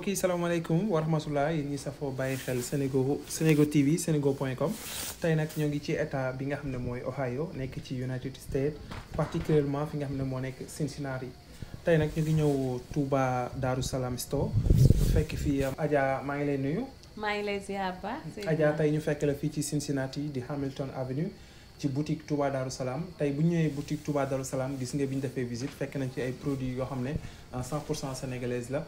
mbokk yi salaamaaleykum wa rahmatulah yéen ñi safoo bàyyi xel Sénégo Sénégo TV Sénégo point com tey nag ñoo ngi ci état bi nga xam ne mooy Ohio nekk ci United States particulièrement fi nga xam ne moo nekk Cincinnati tey nag ñu ngi ñëw Touba Darou Salam Store fekk fii um, Adja maa ngi lay nuyu. maa ngi lay ziar ba. Adja tey ñu fekk la fii ci Cincinnati di Hamilton Avenue ci boutique Touba Darou Salam tey bu ñu ñëwee boutique Touba Darou Salam gis nga bi ñu defee visite fekk nañ ci ay produits yoo xam ne en 100 pour cent sénégalaise la.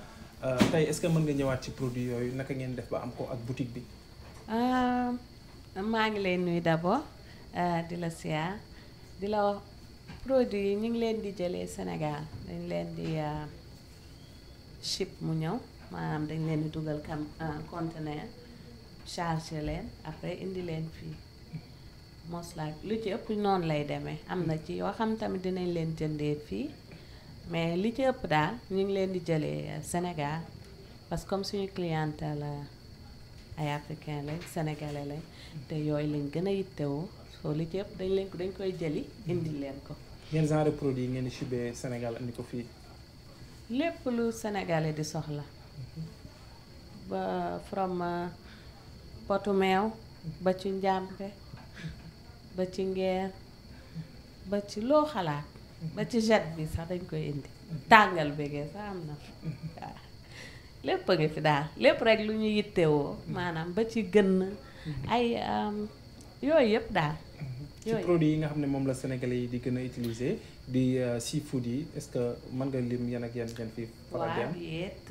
Euh, tey est que mën nga ñëwaat ci produit yooyu naka ngeen def ba am ko ak boutique bi. Euh, maa ngi lay nuyu d'abord euh, di la siyaar di la wax produit yi ñu ngi leen di jëlee senegal dañ leen di ship mu ñëw maanaam dañ leen di dugal cam conteneur chargé leen après indi leen fii mos lu ci ëpp noonu lay demee am na ci yoo xam tamit dinañ leen jëndee fii. mais li ci ëpp daal ñu ngi leen di jëlee euh, Sénégal parce que comme suñu cliente euh, ay africain lañ sénégalais lañ te yooyu lañ gën a yittewoo soo li ci ëpp dañ leen ko dañ koy jëli indi leen ko. yan genre produit ngeen di shibee Sénégal ko fii. lépp lu sénégalais di soxla. ba from potu meew. ba ci njàmpe ba ci ngeer ba ci loo xalaat. ba ci jet bi sax dañ koy indi tàngal bégee sax am na waaw lépp a ngi fi daal lépp rek lu ñu yittewoo maanaam ba ci gën ay yooyu yëpp daal ci produit yi nga xam ne moom la sénégalais yi di gën a utiliser di euh, seafood yi est-ce que mën nga lim yan ak yan yan fii waaw yéet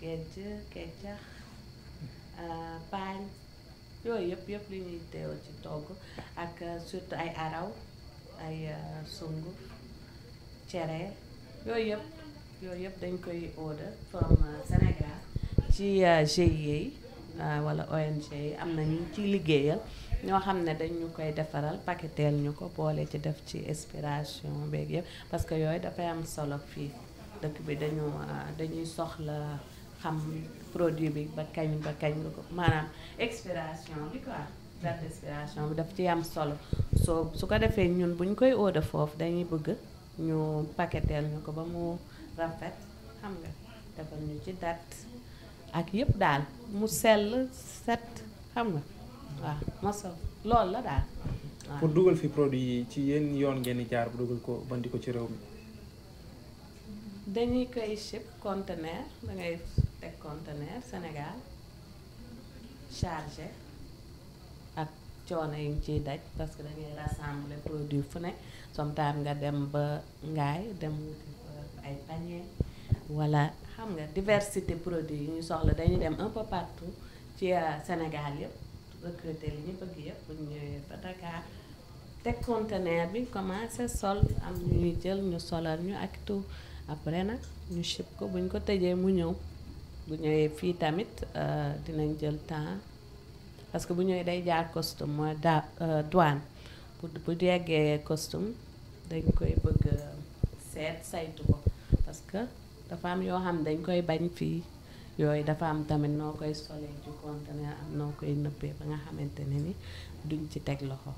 kecc keccax euh, paañ yooyu yëpp yëpp lu ñuy teew ci togg ak euh, surtout ay araw ay sunguf cere yooyu yëpp yëpp dañ koy order from uh, Sénégal ci uh, GIE yi uh, wala ONG yi am na ñu ci liggéeyal ñoo xam ne dañu koy defaral paqueteel ñu ko boole ci def ci inspiration beeg yëpp parce que yooyu dafay am solo fii dëkk bi dañu dañuy soxla xam produit bi ba kañ ba kañ nga ko maanaam expiration bi quoi date daf ci am solo soo su ko defee ñun bu ñu koy order foofu dañuy bëgg ñu paqueteel ñu ko ba mu rafet xam nga defal ñu ci date ak yëpp daal mu sell set xam nga waaw moso lool la daal pour dugal fi produit yi ci yenn yoon ngeen di jaar bu dugal ko bandi ci réew mi dañuy koy ship conteneur da ngay teg conteneur Sénégal chargé coono yi nga ciy daj parce que dañuy rassembler produit fu ne sometimes nga dem ba ngaay dem ay panier wala xam nga diversité produits yi ñu soxla dañuy dem un peu partout ci euh, Sénégal yëpp recruter li ñu bëgg yëpp bu ñu ñëwee ba Dakar teg conteneur bi commencé sol am ñuy jël ñu solal ñu ak tout après nag ñu ship ko bu ñu ko tëjee mu ñëw bu ñëwee fii tamit euh, dinañ jël temps parce que bu ñëwee day jaar costume mooy euh, da euh, douane bu bu yeggee costume dañ koy bëgg seet saytu ko parce que dafa am yoo xam ne dañ koy bañ fii yooyu dafa am tamit noo koy solee ci conteneur am noo koy nëbbee ba nga xamante ne ni duñ ci teg loxo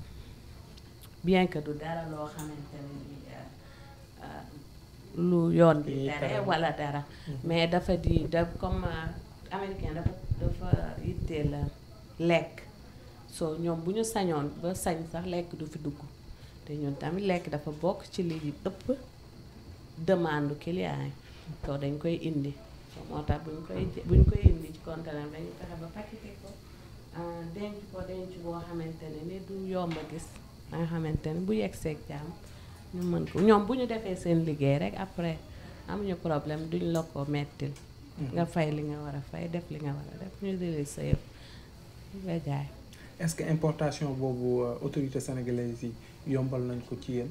bien que du dara loo xamante euh, lu yoon di tere wala dara mm. mais dafa di da comme américain dafa dafa yittee la lekk soo ñoom bu ñu sañoon ba sañ sax lekk du fi dugg te ñun tamit lekk dafa bokk ci li ëpp demande client yi dañ koy indi soo moo tax buñ koy buñ koy indi ci conteneur dañu fexe ba paqueté ko euh, denc ko denc boo xamante ne ni duñ yomb a gis da xamante ne bu yegg seek jàmm ñu mën ko ñoom bu ñu defee seen liggéey rek après ñu problème duñ la ko mettil mm-hmm. nga fay li nga war a fay def li nga war a def ñu dili sa yëpp nga jaay. est-ce que importation boobu euh, autorité sénégalaise yi yombal nañ ko ci yéen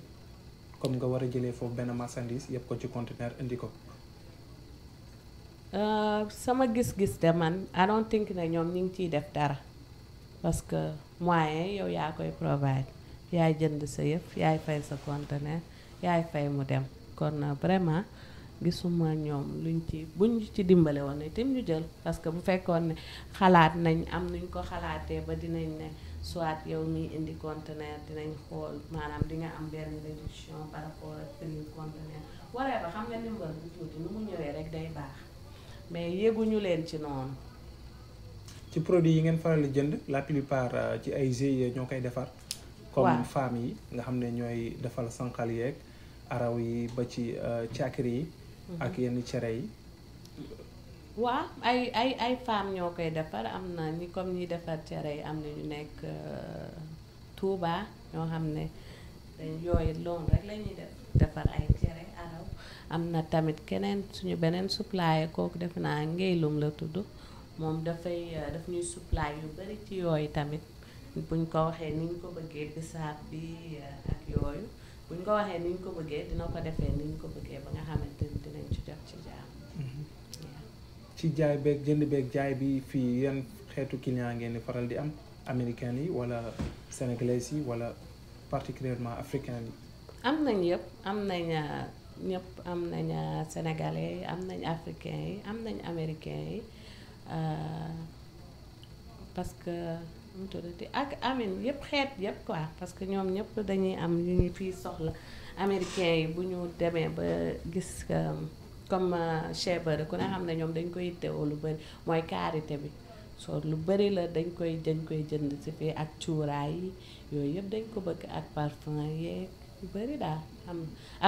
comme nga war a jëlee foofu benn marchandise yëpp ko ci conteneur indi ko. Euh, sama gis-gis de man I don't think ne ñoom ñu ngi ciy def dara parce que moyen yow yaa koy provide yaay jënd sa yëf yaay fay sa conteneur yaay fay mu dem kon euh, vraiment. gisuma ñoom luñ ci buñ ci dimbale woon tim ñu jël parce que bu fekkoon ne xalaat nañ am nuñ ko xalaatee ba dinañ ne soit yow mii indi conteneur dinañ xool maanaam di nga am benn réduction par rapport ak prix waree ba xam nga ndimbal bu tuuti nu mu ñëwee rek day baax mais yéguñu leen ci noonu. ci produit yi ngeen faral di jënd la plupart euh, ci ay GIE ñoo koy defar. comme femmes yi nga xam ne ñooy defal sànqal yeek araw yi ba ci euh, caakiri yi. ak yenn cere yi waa ay ay ay femmes ñoo koy defar am na ñi comme ñi defar cere yi am na ñu nekk euh, Touba ñoo xam ne dañ yooyu loolu rek la def defar ay cere araw am na tamit keneen suñu beneen supplier kooku def naa ngeylum la tudd moom dafay euh, daf ñuy supply yu bari ci yooyu tamit buñ ko waxee ni ñu ko bëggee bisaab bi euh, ak yooyu bu ñu ko waxee ni ñu ko bëggee dina ko defee ni ñu ko bëggee ba nga xamante ni dinañ ci jot ci jaam. Mhm. ci jaay beeg jënd beeg jaay bi fii yan xeetu client ngeen di faral di am américain yi wala sénégalais yi wala particulièrement africain yi. am nañ yëpp am nañ ah, ñëpp am nañ ah, sénégalais yi am nañ africain yi am nañ américain yi ah, parce que. tuddati ak amin yëpp xeet yëpp quoi parce que ñoom ñëpp dañuy am yu ñu fiy soxla américain yi bu ñu demee ba gis euh, comme euh, chef bëri ku ne xam ne ñoom dañ koy yittewoo lu bëri mooy karité bi soo lu bëri la dañ koy dañ koy jënd si fii ak cuuraay yi yooyu yëpp dañ ko bëgg ak parfum yeeg yu bëri daal am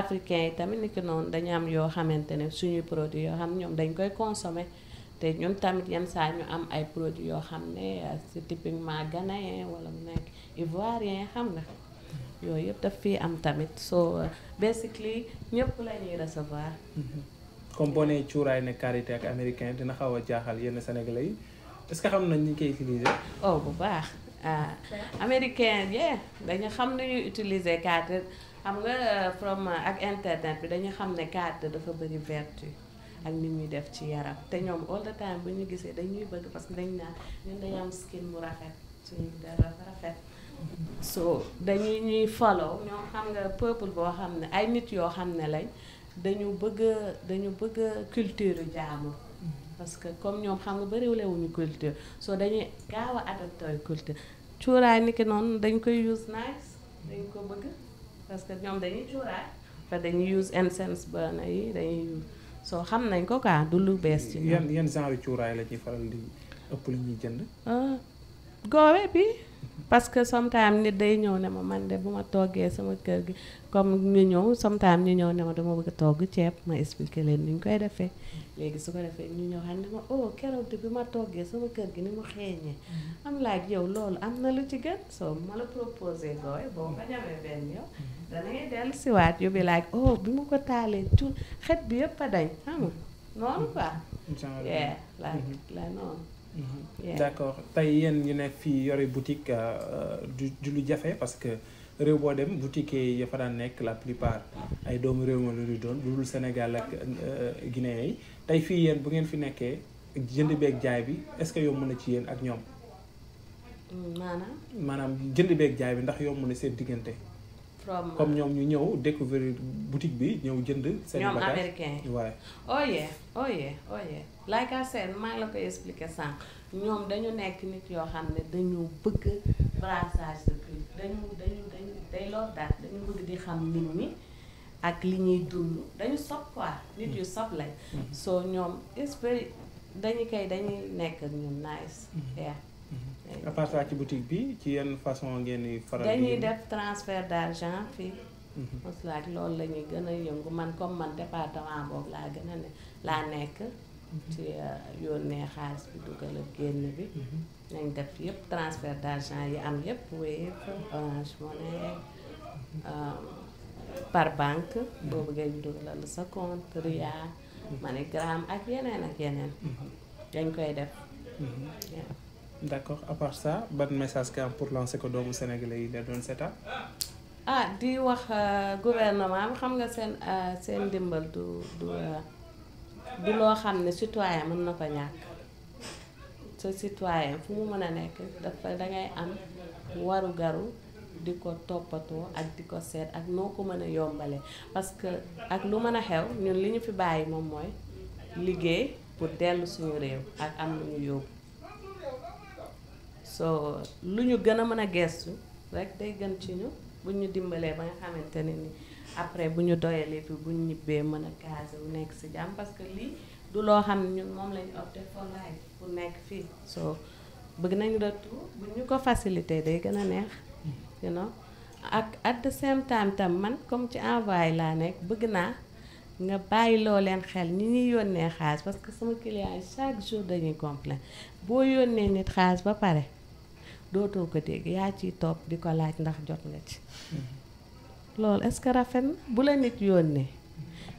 africain yi tamit ni ki noonu dañu am yoo xamante ne suñu produit yoo xam ñoom dañ koy consommer te ñun tamit yenn saa ñu am ay produits yoo xam ne euh, c'est typiquement ghanéen wala mu nekk ivoirien xam nga yooyu yëpp daf fii am tamit soo euh, basically ñëpp la ñuy recevoir. Mm-hmm. comme boo nee cuuraay ne karité ak américain dina xaw a jaaxal yenn sénégalais yi est que xam nañ ñu koy utiliser. oh bu baax ah américain yeah dañu xam ne ñuy utiliser carte xam nga from ak internet bi dañu xam ne carte dafa bëri vertu. ak ni muy def ci yaram te ñoom all the time bu ñu gisee dañuy bëgg parce que dañ naan ñun dañu am skin bu rafet suñu rafet so dañuy ñuy follow ñoom xam nga peuple boo xam ne ay nit yoo xam ne lañ dañu bëgg dañu bëgg a culture jaamu parce que comme ñoom xam nga bëriwulewuñu culture so dañuy gaaw a adopté culture cuuraay ni ki noonu dañ koy use nice dañ ko bëgg parce que ñoom dañuy cuuraay fa dañuy use incense burner yi dañuy use soo xam nañ ko quoi du lu bees ci yan yan genre cuuraay la ñuy faral di ëpp lu ñuy jënd. Ah, goowe bi. parce que sometimes nit day ñëw ne ma man de bu ma toggee sama kër gi comme ñu ñëw sometimes ñu ñëw ne ma dama bëgg togg ceeb ma expliqué leen ni ñu koy defee léegi su ko defee ñu ñëw xam ne ma oh keroog bi ma toggee sama kër gi ni mu xeeñee mm-hmm. am laaj yow loolu am na lu ci gën soo ma la proposé gooy boo ko ñamee benn yow mm-hmm. dangay dellu siwaat yu bi laaj oh bi mu ko taalee cu xet bi yëpp a dañ xam nga noonu quoi. incha allah la noonu. Mm-hmm. d' accord tey yéen ñu nekk fii yore boutique euh, du du lu jafe parce que réew boo dem boutique yi fa daan nekk la plupart ay doomu réew ma la ñuy doon lu dul Sénégal ak euh, Guinée yi tey fii yéen bu ngeen fi nekkee jënd beeg jaay bi est ce que yomb na ci yéen ak ñoom. Mm, maanaam. maanaam jënd beeg jaay bi ndax yomb na seen diggante. Uh, comme ñoom ñu ñëw découvrir boutique bi ñëw jënd. seen ñoom américain yi waaye. oye oye like I said maa la koy expliqué sànq ñoom dañu nekk nit yoo xam ne dañu bëgg brassage de culture dañu dañu dañu dañu di xam nit li ñuy dund dañu sob quoi nit yu sob lañ. Mm-hmm. soo ñoom esprit dañu koy dañuy nekk ñun nice. Mm-hmm. Mm-hmm. à ci butik bi ci yenn façon ngeen di faral dañuy def transfert d'argent fii. moslaak mm-hmm. loolu la gën a yëngu man comme man département boobu laa nekk. Mm-hmm. ci euh, yónnee xaalis bi dugal ak génn bi. nañ def yëpp transfert yi am yëpp Wave Orange Money euh, ak yeneen ak yeneen. dañ koy def. d' accord à part ça ban message pour lancer ko doomu sénégalais yi la doon seetaan. ah di wax euh, gouvernement bi xam nga seen euh, seen ndimbal du du euh, du loo xam ne citoyen mën na ko ñàkk sa citoyen fu mu mën a nekk dafa dangay am waru garu di ko toppatoo ak di ko seet ak noo ko mën a yombale parce que ak lu mën a xew ñun li ñu fi bàyyi moom mooy liggéey pour dellu suñu réew ak am lu ñu yóbbu so lu ñu gën a mën a gestu rek day gën ci ñu bu ñu dimbalee ba nga xamante ne ni après bu ñu doyalee fi bu ñu ñibbee mën a casé wu nekk si jàmm parce que lii du loo xam ne moom lañu opté nekk fii so bëgg nañ retour ñu ko facilité day gën a neex you know ak at the time tam man comme ci envoyé laa nekk bëgg naa nga bàyyi loo leen xel ni ñuy yónnee xaalis parce que sama client chaque jour dañuy complain boo yónnee nit xaalis ba pare dootoo ko dégg yaa ciy topp di ko laaj ndax jot nga ci mm-hmm. loolu est rafet na bu la nit yónnee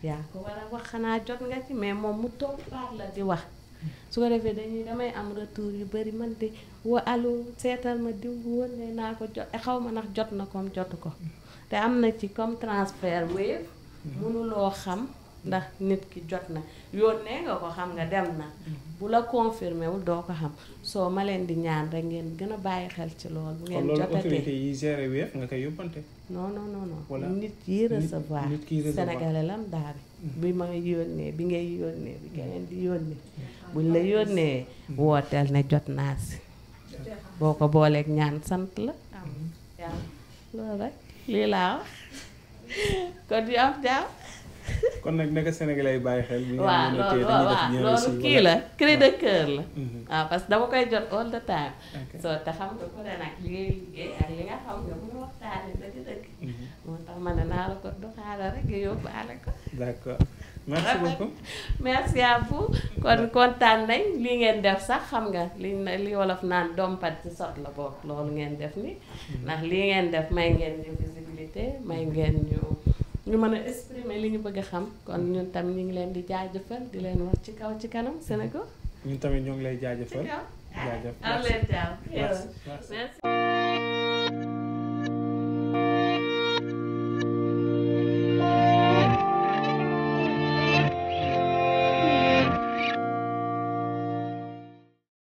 yaa ko war a wax xanaa jot nga ci mais moom mu toog baat la di wax su ko defee dañuy damay am retour yu bari man de wa alu seetal ma diw wóone naa ko jot xaw ma ndax jot na comme jotu ko mm-hmm. te am na ci comme transfert wave mm-hmm. mënuloo xam ndax nit ki jot na yónnee nga ko xam nga dem na mm-hmm. bu la confirmé doo ko xam soo ma leen di ñaan rek ngeen gën a bàyyi xel ci loolu bu ngeen jotatee autorité yi géré wéef nga koy yóbbante nit yi recevoir sénégalais lam daal mm-hmm. bi ma yónnee bi ngay yónnee bi keneen di yónnee mm-hmm. buñ la yónnee wooteel ne jot naa si boo ko booleeg ñaan sant la loolu rek lii laa wax kon yu am kon nag naka Sénégalais yi bàyyi xel. waaw loolu waaw loolu kii la cri la. waaw mhm. ah, parce que dama koy jot all the time. so te xam nga ku ne li ak li nga xam nga bu ñu waxtaanee dëgg-dëgg. Mhm. moo tax ma naa la ko doxaala rek nga yóbbaale ko. d'accord merci beaucoup. kon kontaan nañ lii ngeen def sax xam nga li li wolof naan dompat ci sot la bokk loolu ngeen def ni mhm. ndax lii ngeen def may ngeen ñu visibilité may ngeen ñu. ñu mën a exprimer li ñu bëgg a xam kon ñun tam ñu ngi leen di jëfal di leen wax ci kaw ci kanam Sénégal ñu tamit ñoo ngi lay jaajëfal jaajëf am ah, leen merci ah,